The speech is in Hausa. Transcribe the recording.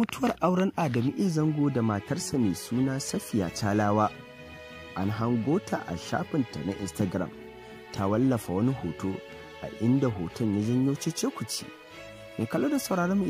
mutuwar auren Adamu E. Zango da matarsa mai suna Safiya Talawa, an hango ta a shafinta na Instagram, ta wallafa wani hoto a inda hoton ya janyo cece kuce. Mai kallo da sauraron